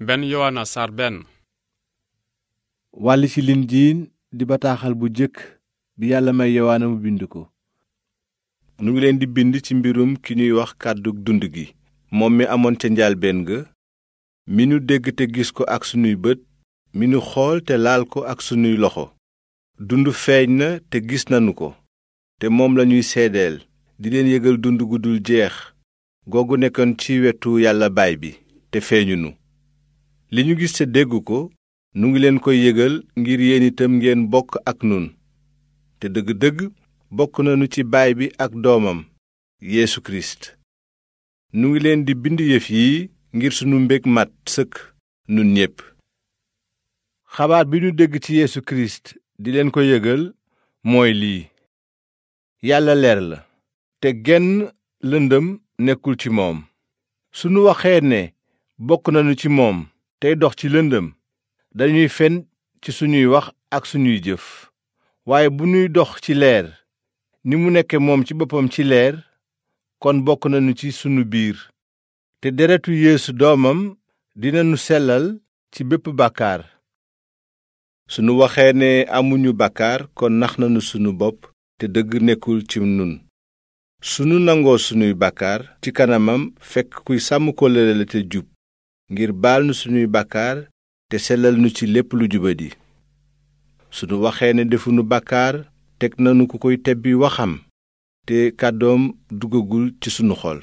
benn yowaana sar benn wàll ci lindiin di bataaxal bu jëkk bi yàlla may yowaana mu bind ko nu ngi leen di bind ci mbirum ki ñuy wax kàddu dund gi moom mi amoon ca njaalbeen ga mi nu dégg te gis ko ak sunuy bët mi nu xool te laal ko ak sunuy loxo dund feeñ na te gis nanu ko te moom lañuy seedeel di leen yëgal dund gu dul jeex googu nekkoon ci wetu yàlla baay bi te feeñu nu li ñu gis te dégg ko nu ngi leen ko yëgal ngir yéen itam ngeen bokk ak nun te dëgg-dëgg bokk nañu ci baay bi ak doomam Yeesu Kirist nu ngi leen di bind yëf yi ngir sunu mbég mat sëkk nun ñépp xabaar bi ñu dégg ci Yeesu Kirist di leen ko yëgal mooy lii yàlla leer la te genn lëndëm nekkul ci moom sunu waxee ne bokk nañu ci moom tey dox ci lëndëm dañuy fen ci suñuy wax ak suñuy jëf waaye bu ñuy dox ci leer ni mu nekke moom ci boppam ci leer kon bokk nañu ci suñu biir te deretu yéesu doomam dinañu sellal ci bépp bàkkaar sunu waxee ne amuñu bàkkaar kon nax nañu sunu bopp te dëgg nekkul ci nun sunu nangoo sunuy bàkkaar ci kanamam fekk kuy sàmm ko la te jub ngir baal nu sunuy bàkkaar te sellal nu ci lépp lu jubadi sunu waxee ne defunu bàkkaar teg nanu ku koy tebbi waxam te kàddoom duggagul ci sunu xol